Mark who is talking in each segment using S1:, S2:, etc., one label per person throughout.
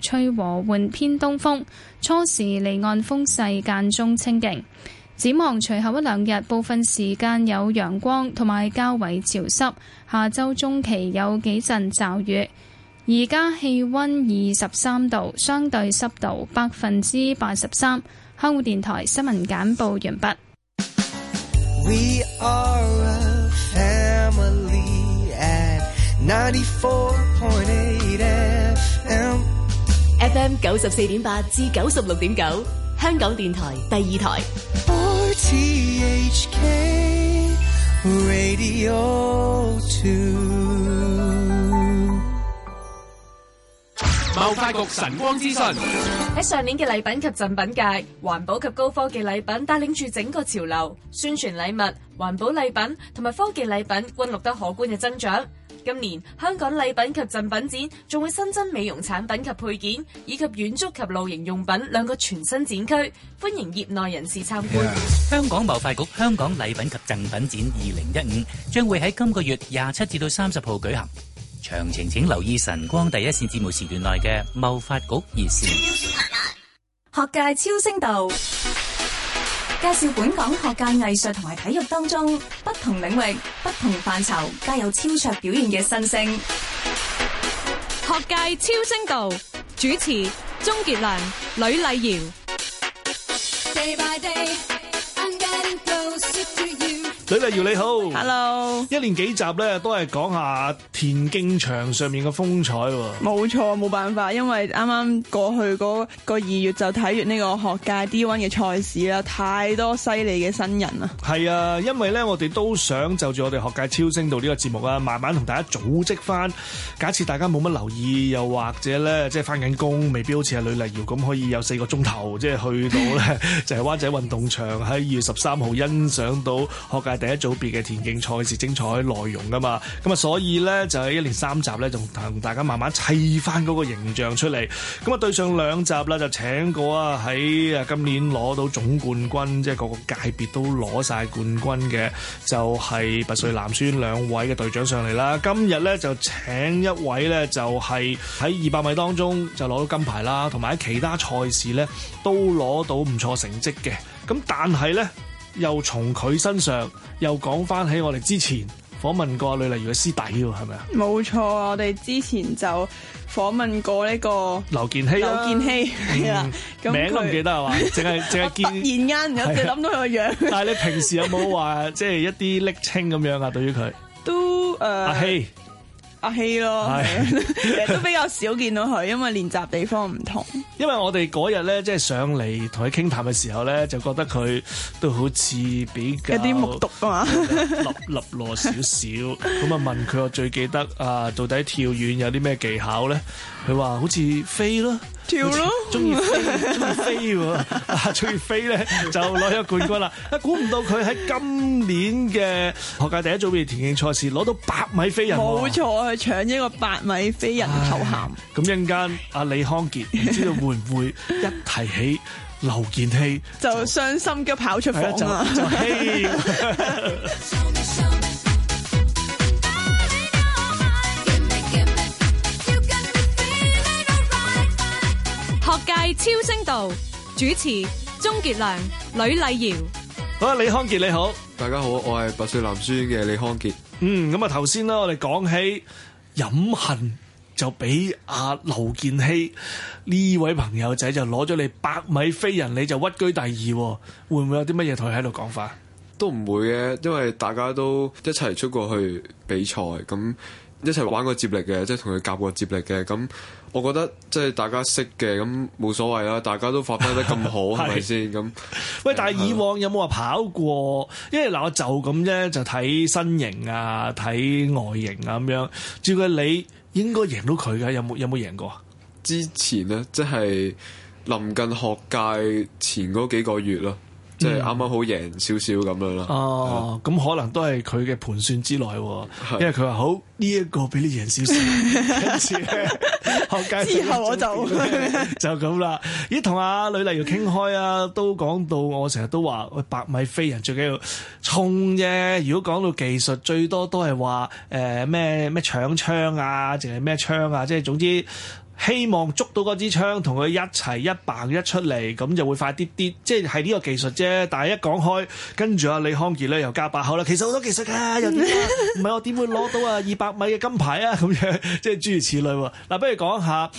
S1: 吹和緩偏東風，初時離岸風勢間中清勁。展望隨後一兩日，部分時間有陽光同埋較為潮濕。下周中期有幾陣驟雨。而家氣温二十三度，相對濕度百分之八十三。香港電台新聞簡報完畢。
S2: FM 九十四點八至九十六點九，香港電台第二台。
S3: RTHK Radio Two。貿發局晨光資訊。
S2: 喺上年嘅禮品及贈品界，環保及高科技禮品帶領住整個潮流，宣傳禮物、環保禮品同埋科技禮品均錄得可觀嘅增長。今年香港禮品及贈品展仲會新增美容產品及配件，以及遠足及露營用品兩個全新展區，歡迎業內人士參觀。Yeah.
S3: 香港貿發局香港禮品及贈品展二零一五將會喺今個月廿七至到三十號舉行，詳情請留意晨光第一線節目時段內嘅貿發局熱線。
S2: 學界超聲道。介
S1: 紹本港學界、藝術同埋體育當中不同領域、不同範疇皆有超卓表現嘅新星。
S2: 學界超星道主
S1: 持：鍾傑良、呂麗瑤。
S4: 呂麗瑤你好，Hello，一連幾集咧都係講下田徑場上面嘅風采，
S2: 冇錯，冇辦法，因為啱啱過去個二月就睇完呢個學界 D one 嘅賽事啦，太多犀利嘅新人啦。
S4: 係啊，因為咧我哋都想就住我哋學界超新星呢個節目啊，慢慢同大家組織翻。假設大家冇乜留意，又或者咧即係翻緊工，未必好似係呂麗瑤咁可以有四個鐘頭，即係去到咧就係灣仔運動場喺二月十三號欣賞到學界。第一組別嘅田徑賽事精彩內容噶嘛，咁啊，所以咧就係一連三集咧，就同大家慢慢砌翻嗰個形象出嚟。咁啊，對上兩集啦，就請過啊喺今年攞到總冠軍，即係個個界別都攞晒冠軍嘅，就係拔萃男書院兩位嘅隊長上嚟啦。今日咧就請一位咧，就係喺二百米當中就攞到金牌啦，同埋喺其他賽事咧都攞到唔錯成績嘅。咁但係咧。又從佢身上又講翻起我哋之前訪問過女李如嘅師弟喎，係咪啊？
S2: 冇錯啊！我哋之前就訪問過呢個
S4: 劉建熙，劉建
S2: 熙係啊，咁名都唔記得係嘛？淨係淨係突然間又諗到佢個樣 了。 但係你平時有冇話
S4: 即係一啲瀝青咁樣啊？對於佢
S2: 都阿希。呃阿希咯，其實、啊、的 都比較少見到佢，因為練習地方唔同。
S4: 因為我哋嗰日咧，即係上嚟同佢傾談嘅時候咧，就覺得佢都好似比較有啲木獨啊嘛，立立落少少。咁啊 問佢我最記得啊，到底跳遠有啲咩技巧咧？佢話好似飛咯。跳咯，中意飛，中意飛喎，啊， 中意飛咧就攞咗冠軍啦！啊，估唔到佢喺今年嘅學界第一組別田徑賽事攞到百米飛人，冇
S2: 錯，佢搶咗個百米飛人頭銜。
S4: 咁陣間阿李康杰，唔知道會唔會一提起劉健熙，
S2: 就傷心嘅跑出房就就、hey 超聲道主持鍾傑良、呂麗瑤，
S4: 好，李康傑你好，大家好，我係拔萃男書院嘅李康傑。嗯，咁啊頭先啦，我哋講起飲恨就俾阿劉建熙呢位朋友仔就攞咗你百米飛人，你就屈居第二，會唔會有啲乜嘢同佢喺度講法？
S5: 都唔會嘅，因為大家都一齊出過去比賽咁。一齊玩過接力嘅，即係同佢夾過接力嘅，咁我覺得即係大家識嘅，咁冇所謂啦。大家都發揮得咁好，係咪先？咁
S4: 喂，但係以往有冇話跑過？因為嗱，我就咁啫，就睇身形啊，睇外形啊，咁樣。照佢你應該贏到佢噶，有冇有冇贏過？之前
S5: 咧，即係臨近學界前嗰幾個月囉。即係啱啱好贏少少咁樣咯。哦，
S4: 咁可能都係佢嘅盤算之內、啊，是因為佢話好呢一、這個俾你贏少少一次。之後我就就咁啦。咦，同阿呂麗瑤傾開啊，都講到我成日都話，百米飛人最緊要衝啫。如果講到技術，最多都係話誒咩咩搶槍啊，定係咩槍啊？即係總之。總之希望捉到嗰支槍，同佢一齊一棒一出嚟，咁就會快啲啲。即係係呢個技術啫。但係一講開，跟住阿李康傑咧又加把口啦。其實好多技術㗎，又點啊？唔係、啊、 我點會攞到啊二百米嘅金牌啊？咁樣即係諸如此類喎、啊。嗱、啊，不如講下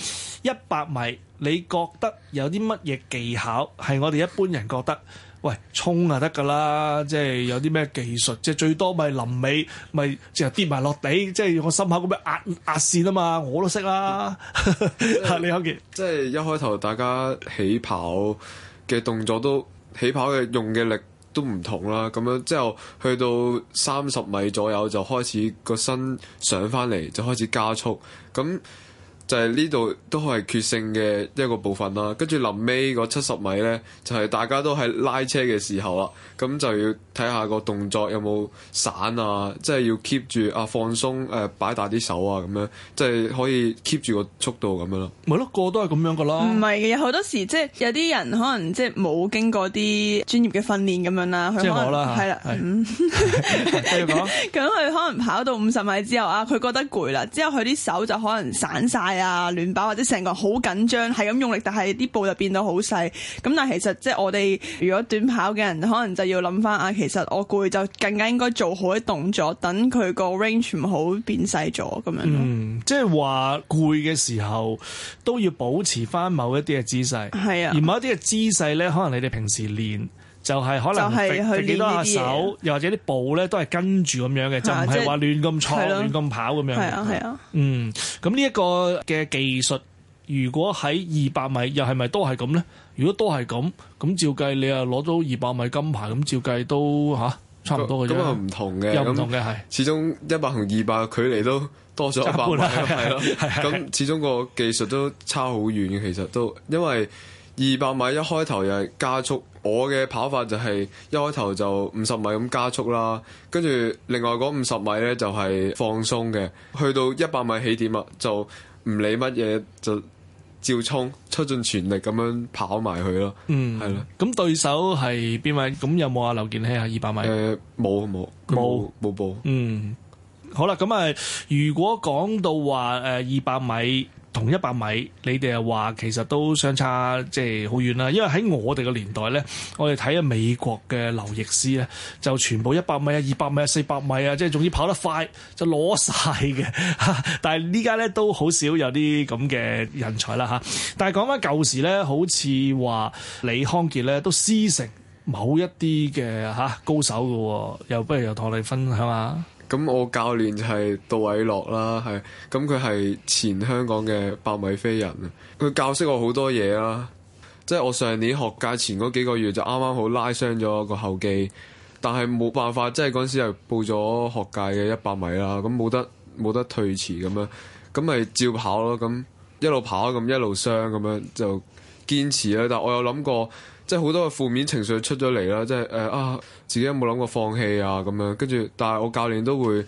S4: 一百米，你覺得有啲乜嘢技巧係我哋一般人覺得？喂，衝就得㗎啦！即係有啲咩技術，即係最多咪臨尾咪直頭跌埋落地，即係我心口咁樣壓壓線啊嘛，我都識啦、啊。李康傑即
S5: 係一開頭大家起跑嘅動作都起跑嘅用嘅力都唔同啦。咁樣之後去到三十米左右就開始個身上翻嚟，就開始加速咁。就係呢度都係決勝嘅一個部分啦，跟住臨尾嗰七十米呢，就係、是、大家都係拉車嘅時候啦，咁就要睇下個動作有冇散、就是、啊，即係要 keep 住啊放鬆誒、呃、擺大啲手啊咁樣，即、就、係、是、可以 keep 住個速度咁樣
S4: 咯。咪咯，個都係咁
S5: 樣噶啦。唔
S2: 係，嘅，好多時即係有啲人可能即係冇經過啲專業嘅訓練咁樣啦，可能即係我啦，係啦，嗯說，繼續咁佢可能跑到五十米之後啊，佢覺得攰啦，之後佢啲手就可能散晒。啊！亂跑或者成個好緊張，係咁用力，但係啲步就變到好細。咁但係其實即係我哋如果短跑嘅人，可能就要諗翻啊。其實我攰就更加應該做好啲動作，等佢個 range 唔好變細咗咁樣咯。
S4: 嗯，即係話攰嘅時候都要保持翻某一啲嘅姿勢，係啊。而某一啲嘅姿勢咧，可能你哋平時練。就係可能畀佢幾多下手，又或者啲步咧都係跟住咁樣嘅，就唔係話亂咁錯、亂咁跑咁樣。嗯，咁呢一個嘅技術，如果喺二百米又係咪都係咁咧？如果都係咁，咁照計你又攞到二百米金牌，咁照計都嚇差唔多嘅。咁啊唔同嘅，唔同嘅係，
S5: 始終一百同二百距離都多咗一百米係咯。咁始終個技術都差好遠嘅，其實都因為。二百米一開頭又係加速，我嘅跑法就係一開頭就五十米咁加速啦，跟住另外嗰五十米呢，就係放鬆嘅，去到一百米起點啊就唔理乜嘢就照衝，
S4: 出盡全力咁樣跑埋去咯。嗯，係咯。咁對手係邊位？咁有冇阿劉健熙啊？二百米誒，冇冇
S5: 冇冇報。
S4: 嗯，好啦，咁啊，如果講到話誒二百米。同一百米，你哋又話其實都相差即係好遠啦。因為喺我哋個年代咧，我哋睇下美國嘅劉易斯咧，就全部一百米啊、二百米啊、四百米啊，即係總之跑得快就攞晒嘅。但係呢家咧都好少有啲咁嘅人才啦嚇。但係講翻舊時咧，好似話李康傑咧都師承某一啲嘅嚇高手㗎喎，又不如又同你分享下。
S5: 咁我教練就係杜偉樂啦，係咁佢係前香港嘅百米飛人，佢教識我好多嘢啦，即係我上年學界前嗰幾個月就啱啱好拉傷咗個後肌，但係冇辦法，即係嗰陣時又報咗學界嘅一百米啦，咁冇得冇得退遲咁樣，咁咪照跑咯，咁一路跑咁一路傷咁樣就堅持啦，但我有諗過。即係好多嘅負面情緒出咗嚟啦，即係誒啊，自己有冇諗過放棄啊咁樣，跟住但係我教練都會誒、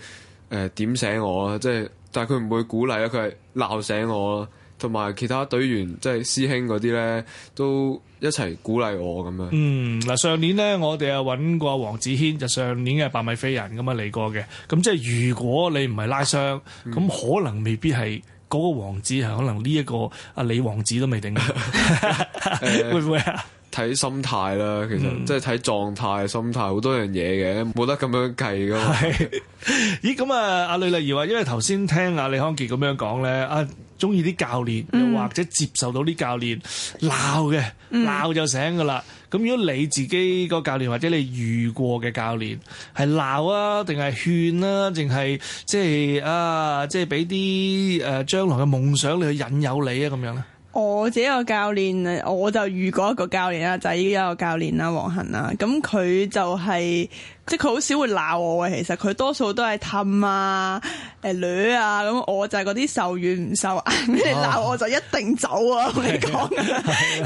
S5: 呃、點醒我啦，即係但係佢唔會鼓勵啦，佢係鬧醒我囉，同埋其他隊員即係師兄嗰啲咧都一齊鼓勵我咁樣。
S4: 嗯，嗱上年咧，我哋啊揾過黃子軒，就上年嘅百米飛人咁樣嚟過嘅，咁即係如果你唔係拉傷，咁、嗯、可能未必係嗰個王子係，可能呢一個阿李王子都未定， 會唔會啊？呃
S5: 睇心態啦，其實即係睇狀態、
S4: 心態好多樣嘢嘅，冇得咁樣計咯。係， 咦咁啊？阿呂麗瑤話，因為頭先聽阿李康傑咁樣講咧，啊中意啲教練，又、嗯、或者接受到啲教練鬧嘅，鬧就醒噶啦。咁、嗯、如果你自己個教練，或者你遇過嘅教練係鬧啊，定係勸啊，定係即係啊，即係俾啲誒將來嘅夢想你去引誘你啊，咁樣咧？
S2: 我自己一個教練我就遇過一個教練啦，就係、是、依家個教練啦，黃恆啦，咁佢就係、是。即係佢好少會鬧我嘅，其實佢多數都係氹啊、誒、呃、捋啊，咁我就係嗰啲受軟唔受硬，oh. 你鬧我就一定走啊！我講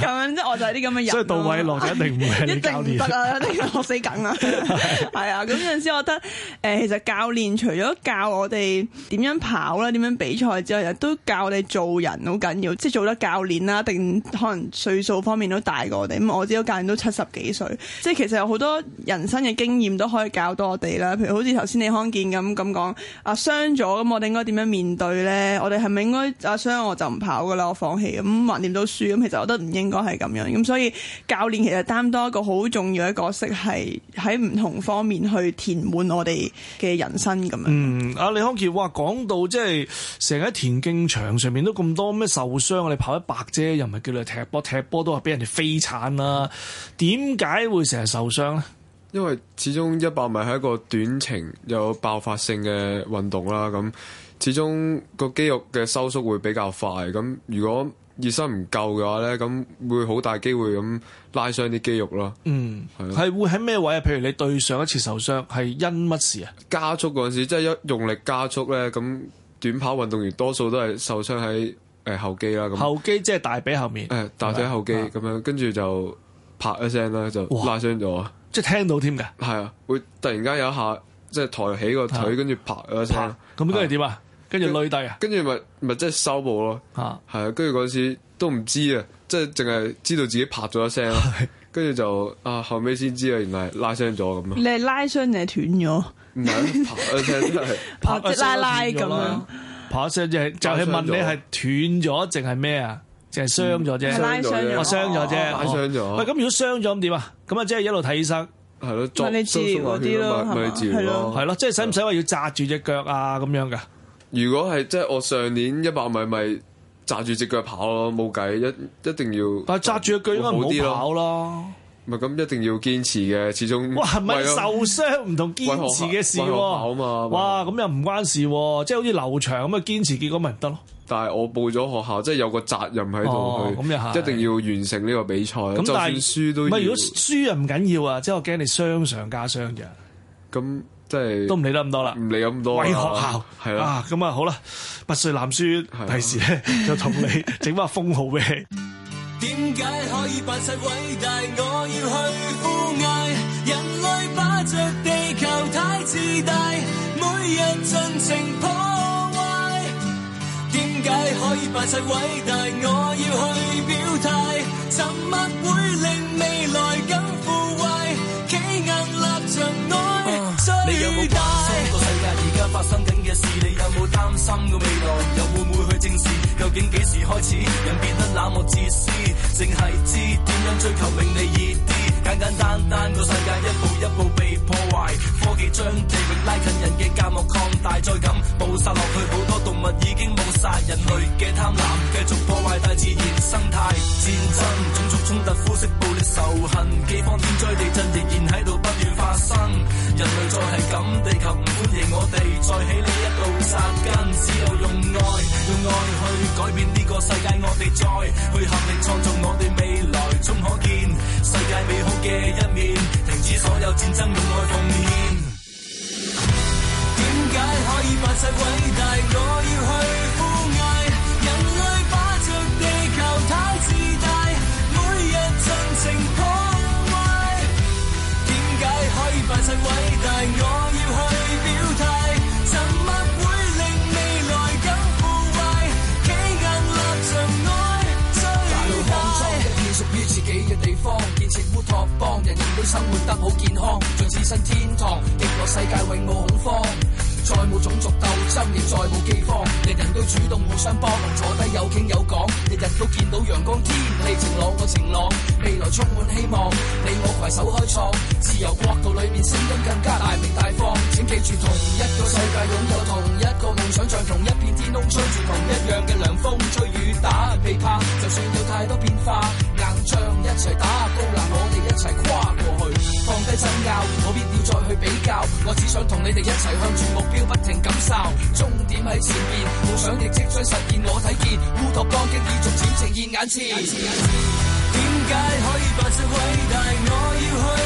S2: 咁，即我就係啲咁嘅人。 所以杜偉樂就一定唔係 一定唔得啊！一定學死梗 啊！係啊！咁有陣時，我覺得誒、呃、其實教練除咗教我哋點樣跑啦、點樣比賽之外，都教我哋做人好緊要。即係做得教練啦，定可能歲數方面都大過我哋。咁我知道教練都七十幾歲，即係其實有好多人生嘅經驗都。可以教多我哋啦，譬如好似頭先李康傑咁咁講，啊，傷咗咁，我哋應該點樣面對咧？我哋係咪應該啊，傷我就唔跑噶啦，我放棄咁，嗯，橫掂都輸咁？其實我覺得唔應該係咁樣，咁所以教練其實擔多一個好重要嘅角色，係喺唔同方面去填滿我哋嘅人生咁樣。嗯，
S4: 阿李康傑，哇，講到即係成日喺田徑場上面都咁多咩受傷，我哋跑一百啫，又唔係叫你踢波，踢波都係俾人哋飛鏟啦，點解會成日受傷咧？
S5: 因為始終一百米係一個短程有爆發性嘅運動啦，咁始終個肌肉嘅收縮會比較快，咁如果熱身唔夠嘅話呢，咁會好大機會咁拉傷啲肌肉咯。嗯，係是
S4: 會喺咩位啊？譬如你對上一次受傷係因乜事啊？
S5: 加速嗰陣時，即係一用力加速呢。咁短跑運動員多數都係受傷喺誒後肌啦。後肌即係大髀後面，誒大腿後肌咁吧樣，跟住就啪一聲啦，就拉傷咗。
S4: 即係聽到添嘅，
S5: 係啊，會突然間有一下，即係抬起個腿，跟住拍咗一聲。咁都係點啊？跟住累低啊？跟住咪咪即係收步咯。啊，係啊，跟住嗰次都唔知啊，即係淨係知道自己拍咗一聲咯。跟住就啊，後屘先知啊，原來拉傷咗咁樣。
S2: 你係拉傷定係斷咗？
S4: 唔係拍，即係
S2: 拍拉拉
S4: 咁樣拍一聲，即係就係問你係斷咗定係咩啊？就係傷咗啫，我傷咗啫，傷咗。喂、啊、咁、哦，如果傷咗咁點啊？咁啊，即係一路睇醫生，係咯，做手術嗰啲咯，係咯，係咯，即係使唔使話要紮住隻腳啊？咁樣噶？
S5: 如果係即係我上年一百米咪紮住隻腳跑咯，冇計，一一定要。但係
S4: 紮住隻腳應該唔好跑
S5: 咯。唔係咁一定要堅持嘅，始終哇，係咪受
S4: 傷唔同堅持嘅事喎。好嘛，哇，咁又唔關事，即係好似劉翔咁啊，堅持結果咪唔得咯。但係我報咗學校，即係有個責任喺度，去一
S5: 定要完成呢個比賽，就算輸都唔係如果
S4: 輸又唔緊要啊，即係我驚你傷上加傷嘅。
S5: 咁即係都唔理得咁多啦，唔理咁多。為學校係啦，
S4: 咁啊好啦，拔萃男書，第時咧就同你整翻封號畀？
S3: 點解可以扮晒偉大？我要去呼嗌，人類把着地球太自大，每日盡情破壞。點解可以扮晒偉大？我要去表態，沉默會令未來更腐壞，企硬立，立場愛最大。啊、你有冇關心個世界？而家發生緊嘅事，你有冇擔心過未來？ 竟幾時開始，人變得冷漠自私，淨係知點樣追求令你熱啲。簡簡單單個世界一步一步被破壞，科技將地域拉近，人嘅隔膜擴大，再咁捕殺落去，好多動物已經冇曬，人類嘅貪婪繼續破壞大自然生態，戰爭、種族衝突、膚色暴力、仇恨、饑荒、天災地震，仍然喺度不斷發生。人類再係咁，地球唔歡迎我哋，再起呢一道殺根，只有用愛，用愛去改變呢個世界，我哋再去合力創造我哋未來，終可見。世界美好嘅一面，停止所有戰爭，用愛奉獻。點解可以發誓偉大？生活得好健康，像置身天堂，極樂世界永無恐慌，再冇種族鬥爭，亦再冇饑荒，人人都主動互相幫忙，坐低有傾有講，日日都見到陽光天氣晴朗個晴朗，未來充滿希望，你我携手開創自由國度裏面聲音更加大，明大放。請記住同一個世界擁有同一個夢想像，像同一片天空吹住同一樣嘅涼風吹雨打未怕，就算有太多變化，硬仗一齊打，高難我哋一齊跨。爭無必要再去比較。我只想同你哋一齊向住目標不停感受。終點喺前面。夢想亦即將實現，我睇見烏托邦經已逐漸呈現眼前。點解可以扮最偉大？我要去。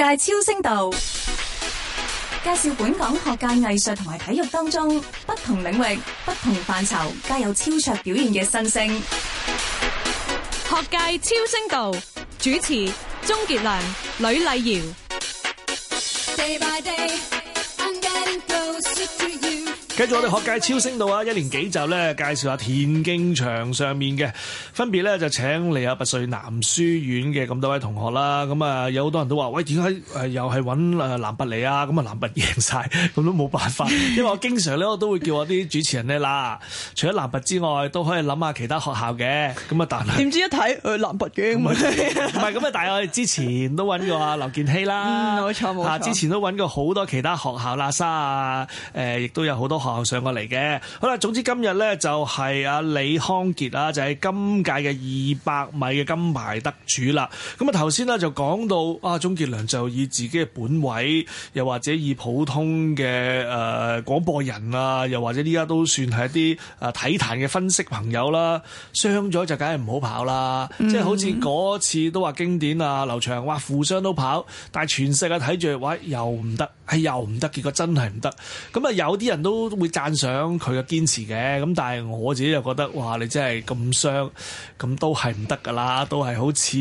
S1: 界超聲道介紹本港學界、藝術同埋體育當中不同領域、不同範疇皆有超卓表現嘅新星。
S2: 學界超聲道主持：鍾傑良、呂麗瑤。跟
S4: 住我哋學界超新星啊，一年幾集咧介紹下田徑場上面嘅，分別咧就請嚟阿拔萃男書院嘅咁多位同學啦。咁啊有好多人都話喂，點解又係揾誒男拔嚟啊？咁啊男拔贏晒，咁都冇辦法，因為我經常咧我都會叫我啲主持人咧啦，除咗男拔之外，都可以諗下其他學校嘅。咁啊，但係
S2: 點知一睇誒男拔贏咪？
S4: 唔係咁啊！但係 我哋之前都揾過啊劉建熙啦，嗯，冇錯冇錯。之前都揾過好多其他學校啦沙啊，誒、呃、亦都有好多上、哦、上過嚟嘅，好啦，總之今日咧就係阿李康傑啦，就係、是、今屆嘅二百米嘅金牌得主啦。咁啊頭先咧就講到啊，鍾傑良就以自己嘅本位，又或者以普通嘅誒、呃、廣播人啊，又或者依家都算係一啲誒、呃、體壇嘅分析朋友啦，傷咗就梗係唔好跑啦。即係好似嗰次都話經典啊，劉翔哇負傷都跑，但係全世界睇住，哇又唔得，係又唔得，結果真係唔得。咁啊有啲人都會讚賞佢嘅堅持嘅，咁但係我自己又覺得，哇！你真係咁傷，咁都係唔得噶啦，都係好似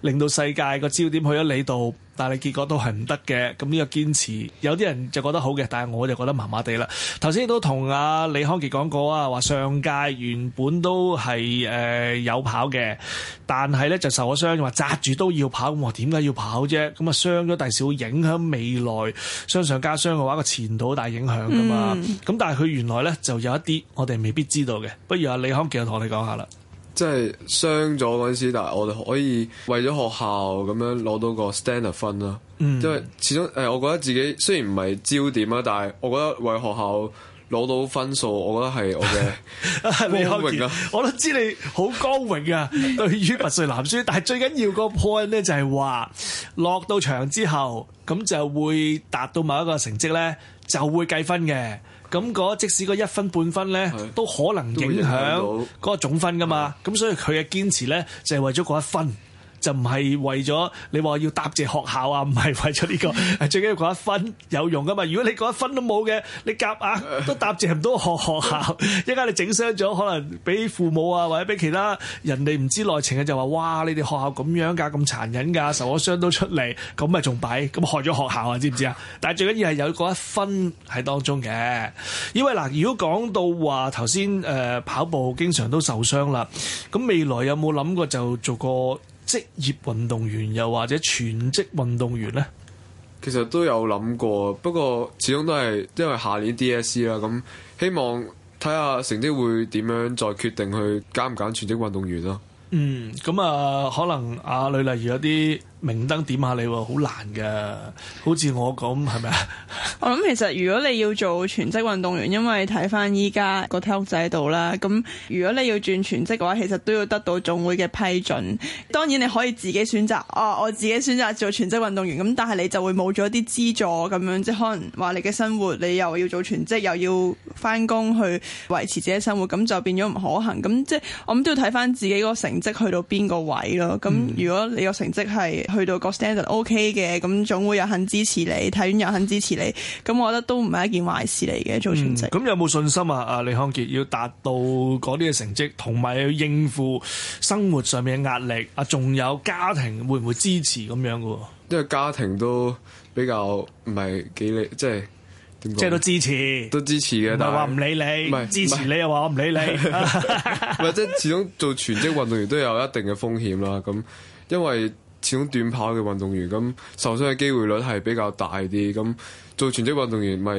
S4: 令到世界個焦點去咗你度。但係結果都係唔得嘅，咁呢個堅持有啲人就覺得好嘅，但係我就覺得麻麻地啦。頭先都同阿李康傑講過啊，話上屆原本都係誒、呃、有跑嘅，但係咧就受咗傷，話紮住都要跑，咁點解要跑啫？咁啊傷咗，第時會影響未來，傷上加傷嘅話，個前途好大影響噶嘛。咁、嗯、但係佢原來咧就有一啲我哋未必知道嘅，不如阿李康傑同我哋講下啦。
S5: 即係傷咗嗰陣時，但係我哋可以為咗學校咁樣攞到個 standard fund, s t a n d a r d 分啦。因為始終誒，我覺得自己雖然唔係焦點啦，但係我覺得為學校攞到
S4: 分數，我覺得係我嘅。未 好榮啊！我都知你好高榮啊！ 對於拔萃男書，但係最緊要個 point 咧就係話落到場之後，咁就會達到某一個成績咧，就會計分嘅。咁嗰即使嗰一分半分咧，是都可能影響嗰個總分嘛。咁的所以佢嘅堅持咧，就係、是、為咗嗰一分。就唔係為咗你話要答謝學校啊，唔係為咗呢個，最緊要個一分有用噶嘛。如果你個一分都冇嘅，你夾啊都答謝唔到學學校。一間你整傷咗，可能俾父母啊，或者俾其他人哋唔知內情嘅就話：哇，你哋學校咁樣㗎，咁殘忍㗎，受咗傷都出嚟，咁咪仲弊，咁害咗學校啊，知唔知啊？但係最緊要係有個一分喺當中嘅。因為嗱，如果講到話頭先誒跑步經常都受傷啦，咁未來有冇諗過就做個？職業運動員又或者全職運動員呢？
S5: 其實都有諗過，不過始終都係因為下年 DSE 啦，咁希望睇下成績會點樣，再決定去揀唔揀全職運動員咯，啊。嗯，
S4: 咁啊，可能阿呂麗瑤有啲明燈點下你，好難噶，好似我咁係咪啊？
S2: 我諗其實如果你要做全職運動員，因為睇翻依家個體育制度啦，咁如果你要轉全職嘅話，其實都要得到總會嘅批准。當然你可以自己選擇，哦、啊，我自己選擇做全職運動員，咁但係你就會冇咗啲資助咁樣，即係可能話你嘅生活你又要做全職，又要翻工去維持自己生活，咁就變咗唔可行。咁即係我諗都要睇翻自己個成績去到邊個位咯。咁如果你個成績係去到個 standard OK 嘅，咁總會又肯支持你，體院又肯支持你。咁我覺得都唔係一件壞事嚟嘅，做全職。咁、
S4: 嗯、有冇信心啊？阿李康傑要達到嗰啲嘅成績，同埋要應付生活上面嘅壓力，啊，仲有家庭會唔會支持咁樣嘅？
S5: 因為家庭都比較唔係幾理，即係點？即係都支持，都支持嘅，但係話唔
S4: 理你，唔係但支持你又話我唔理你，
S5: 唔係。即係始終做全職運動員都有一定嘅風險啦。咁因為。始終短跑嘅運動員咁受傷嘅機會率係比較大啲，咁做全職運動員咪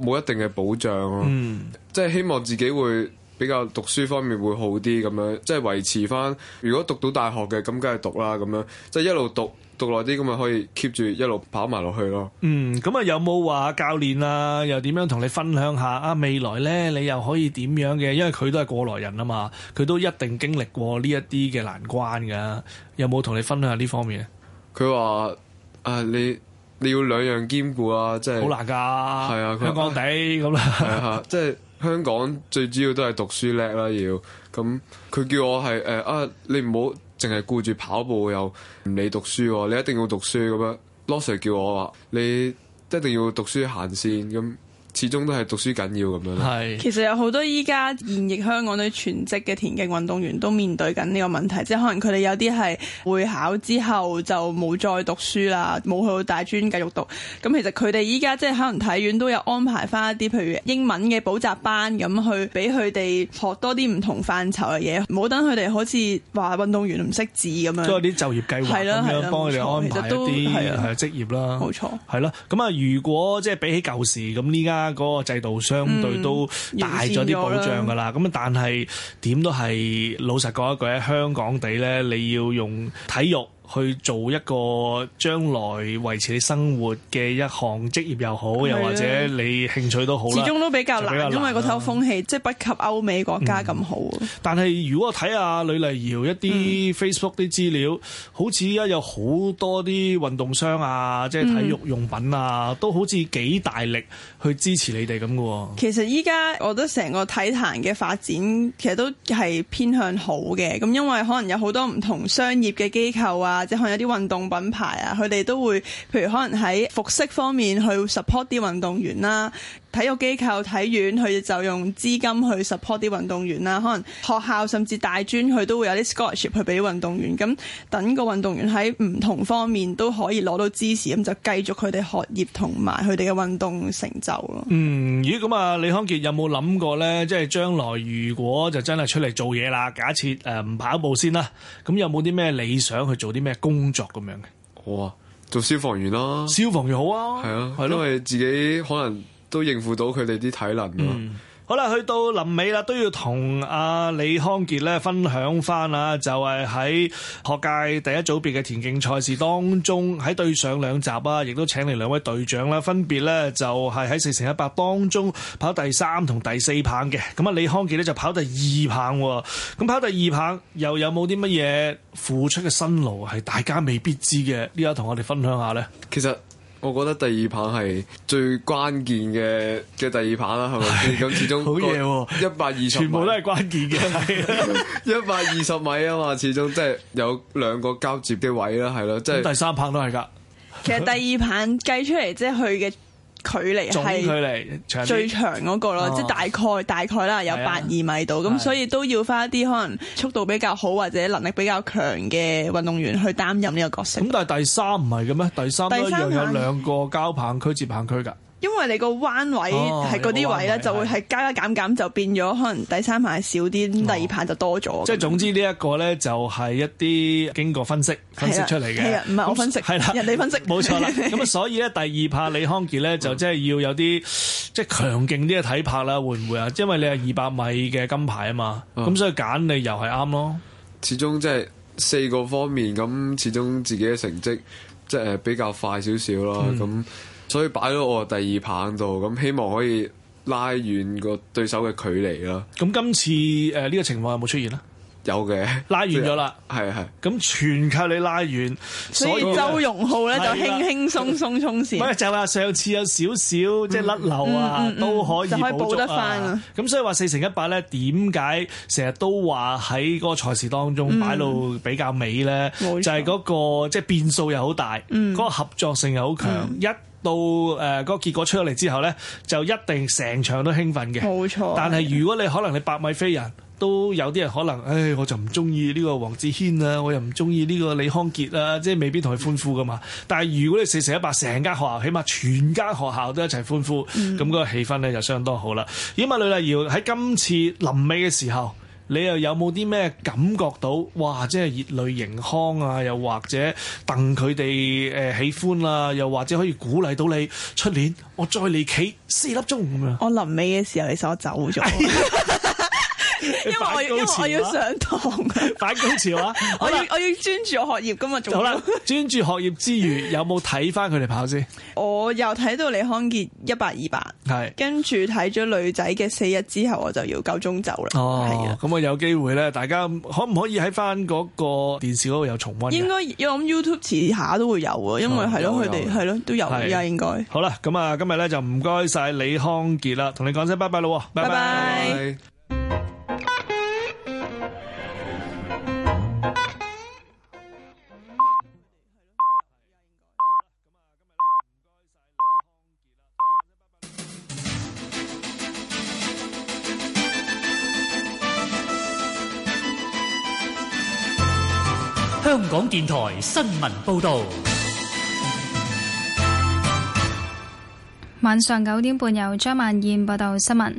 S5: 冇一定嘅保障咯，嗯、即係希望自己會。比較讀書方面會好啲咁樣，即係維持翻。如果讀到大學嘅，咁梗係讀啦。咁樣即係一路讀讀耐啲，咁咪可以 keep 住一路跑埋落去咯。嗯，
S4: 咁啊有冇話教練啊，又點樣同你分享下啊未來呢，你又可以點樣嘅？因為佢都係過來人啊嘛，佢都一定經歷過呢一啲嘅難關噶。有冇同你分享下呢方面？
S5: 佢話啊，你你要兩樣兼顧啊，即係好難噶。係
S4: 啊，香港地咁啦，即係。
S5: 香港最主要都係讀書叻啦，要咁佢叫我係誒啊！你唔好淨係顧住跑步又唔理讀書，你一定要讀書咁樣。Lo Sir 叫我話你一定要讀書行先咁。始終都係讀書緊要咁樣。係是，其實
S2: 有好多依家現役香港啲全職嘅田徑運動員都面對緊呢個問題，即係可能佢哋有啲係會考之後就冇再讀書啦，冇去到大專繼續讀。咁其實佢哋依家即係可能體院都有安排翻一啲，譬如英文嘅補習班咁，去俾佢哋學多啲唔同範疇嘅嘢，唔好等佢哋好似話運動員唔識字咁樣。都有啲
S4: 就業計劃，係咯，幫佢哋安排多啲係職業啦。冇錯錯，係咯。咁啊，如果即係比起舊時咁，依家。個制度相對、嗯、都大咗啲保障㗎啦了，咁啊但係點都係老實講一句咧，香港地咧，你要用體育，去做一個將來維持你生活嘅一項職業又好，的又或者你興趣都好，始終都比較難，較難，因為嗰種
S2: 風氣即係、嗯、不及歐美國家咁好。嗯、
S4: 但係如果我睇下呂麗瑤一啲 Facebook 啲資料，嗯、好似而家有好多啲運動商啊，即、就、係、是、體育用品啊，嗯、都好似幾大力去支持你哋咁嘅。
S2: 其實依家我覺得成個體壇嘅發展，其實都係偏向好嘅。咁因為可能有好多唔同商業嘅機構啊。或者可能有啲運動品牌啊，佢哋都會，譬如可能喺服飾方面去 support 啲運動員啦。體育機構、體院佢哋就用資金去 support 啲運動員啦，可能學校甚至大專佢都會有啲 scholarship 去俾運動員，咁等個運動員喺唔同方面都可以攞到支持，咁就繼續佢哋學業同埋佢哋嘅運動成就
S4: 咯。嗯，咦咁啊，李康傑有冇諗過呢？即係將來如果就真係出嚟做嘢啦，假設誒唔、呃、跑步先啦，咁有冇啲咩理想去做啲咩工作咁樣
S5: 嘅？好啊、哦，做消防員咯、啊，消防員好啊，係啊，係咯的，因為自己可能。都應付到佢哋啲體能咯、嗯。
S4: 好啦，去到臨尾啦，都要同阿李康傑咧分享返啦。就係、是、喺學界第一組別嘅田徑賽事當中，喺對上兩集啊，亦都請嚟兩位隊長啦。分別咧就係、是、喺四乘一百當中跑第三同第四棒嘅。咁啊，李康傑咧就跑第二棒。咁跑第二棒又有冇啲乜嘢付出嘅辛勞係大家未必知嘅？而家同我哋分享下咧。其實。
S5: 我覺得第二棒係最關鍵嘅嘅第二棒啦，係咪？咁始終好嘢喎！一百二十米全部
S4: 都係關鍵嘅，
S5: 係，一百二十米啊嘛，始終即係有兩個交接嘅位啦，係咯，即係。第三棒都係噶。 其
S2: 實第二棒計出嚟即係佢嘅。就是距離係最長嗰、那個咯，哦、即係大概大概啦，有八二米度，咁所以都要翻一啲可能速度比較好或者能力比較強嘅運動員去擔任呢個角色。咁但係第三唔係嘅咩？第三都一樣三有兩
S4: 個交棒區接棒區㗎。
S2: 因為你個彎位係嗰啲位咧，就會係加加減減就變咗，可能第三排少啲，第二排就多咗。即係總
S4: 之呢一個咧，就係一啲經過分析分析出嚟嘅。係啊，唔係
S2: 我分析，係啦，人哋分析，冇錯
S4: 啦。咁啊，所以咧第二排李康傑咧，就即係要有啲即係強勁啲嘅體魄啦，會唔會啊？因為你係二百米嘅金牌啊嘛，咁所以揀你又係啱咯。
S5: 始終即係四個方面，咁始終自己嘅成績即係比較快少少啦，咁。所以擺咗我第二棒度，咁希望可以拉遠個對手
S4: 嘅距離啦。咁今次誒呢、呃呢個情況有冇出現咧？有嘅拉遠咗啦，係啊係，咁全靠你拉遠，所以周容浩咧就輕輕
S2: 鬆鬆衝線。喂，
S4: 就話上次有少少即係甩漏啊，都可以補足啊。咁所以話四乘一百咧，點解成日都話喺嗰個賽事當中擺到比較尾咧？就係嗰個即係變數又好大，嗰個合作性又好強。一到誒嗰個結果出咗嚟之後咧，就一定成場都興奮嘅。
S2: 冇錯。但係如
S4: 果你可能你百米飛人。都有啲人可能，唉，我就唔中意呢個黃志軒啦、啊，我又唔中意呢個李康傑啦、啊，即係未必同佢歡呼噶嘛。但係如果你射成一排，成間學校，起碼全間學校都一齊歡呼，咁嗰、嗯、個氣氛咧就相當好啦。咁啊，呂麗瑤喺今次臨尾嘅時候，你又有冇啲咩感覺到？哇！即係熱淚盈眶啊，又或者鄧佢哋誒喜歡啦、啊，又或者可以鼓勵到你出年我再嚟企四粒鐘咁
S2: 樣。我臨尾嘅時候，你所走咗。 因為我要，我要上堂啊！擺高潮啊！我要，我要專注學業噶嘛，仲好啦。
S4: 專 注學業之餘，有冇睇翻佢哋跑先？
S2: 我又睇到李康杰一百二百，係跟住睇咗女仔嘅四日之後，我就要夠鐘走啦。哦，係啊
S4: 是，咁我、嗯、有機會咧，大家可唔可以喺翻嗰個電視嗰度有重温？應該
S2: 要諗 YouTube 遲下都會有啊，因為係咯，佢哋係咯都有嘅啊，應該
S4: 好啦。咁啊，今日咧就唔該晒李康杰啦，同你講聲拜拜啦，拜拜 bye。Bye bye
S1: 港電台新聞報道，晚上九點半由張萬燕報道新聞。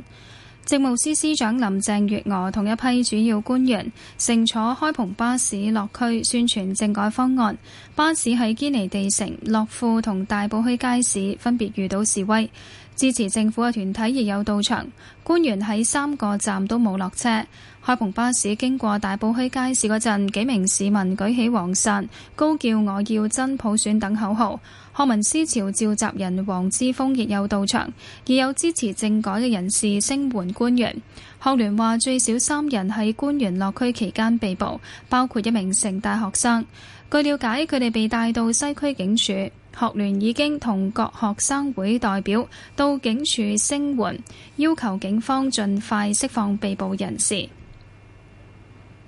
S1: 政務司司長林鄭月娥同一批主要官員乘坐開蓬巴士落區宣傳政改方案。巴士喺堅尼地城、樂富同大埔墟街市分別遇到示威，支持政府嘅團體亦有到場。官員喺三個站都冇落車。開篷巴士經過大埔墟街市嗰陣，幾名市民舉起黃傘，高叫我要真普選等口號。學民思潮召集人黃之鋒亦有到場，而有支持政改嘅人士聲援官員。學聯話最少三人喺官員落區期間被捕，包括一名城大學生。據了解，佢哋被帶到西區警署。學聯已經同各學生會代表到警署聲援，要求警方盡快釋放被捕人士。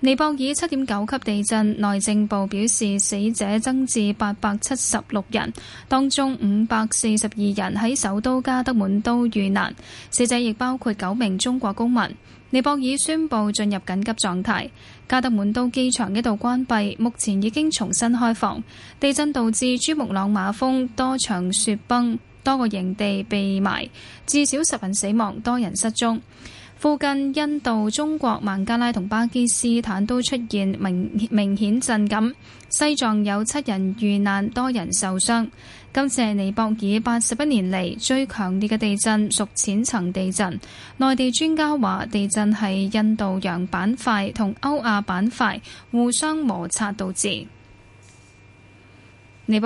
S1: 尼泊爾七點九級地震，內政部表示死者增至八百七十六人，當中五百四十二人喺首都加德滿都遇難，死者亦包括九名中國公民。尼泊爾宣布進入緊急狀態，加德滿都機場一度關閉，目前已經重新開放。地震導致珠穆朗瑪峰多場雪崩，多個營地被埋，至少十人死亡，多人失蹤。附近印度、中國、孟加拉同巴基斯坦都出現明明顯震感，西藏有七人遇難，多人受傷。今次尼泊爾八十一年嚟最強烈嘅地震屬淺層地震，內地專家話地震係印度洋板塊同歐亞板塊互相摩擦導致。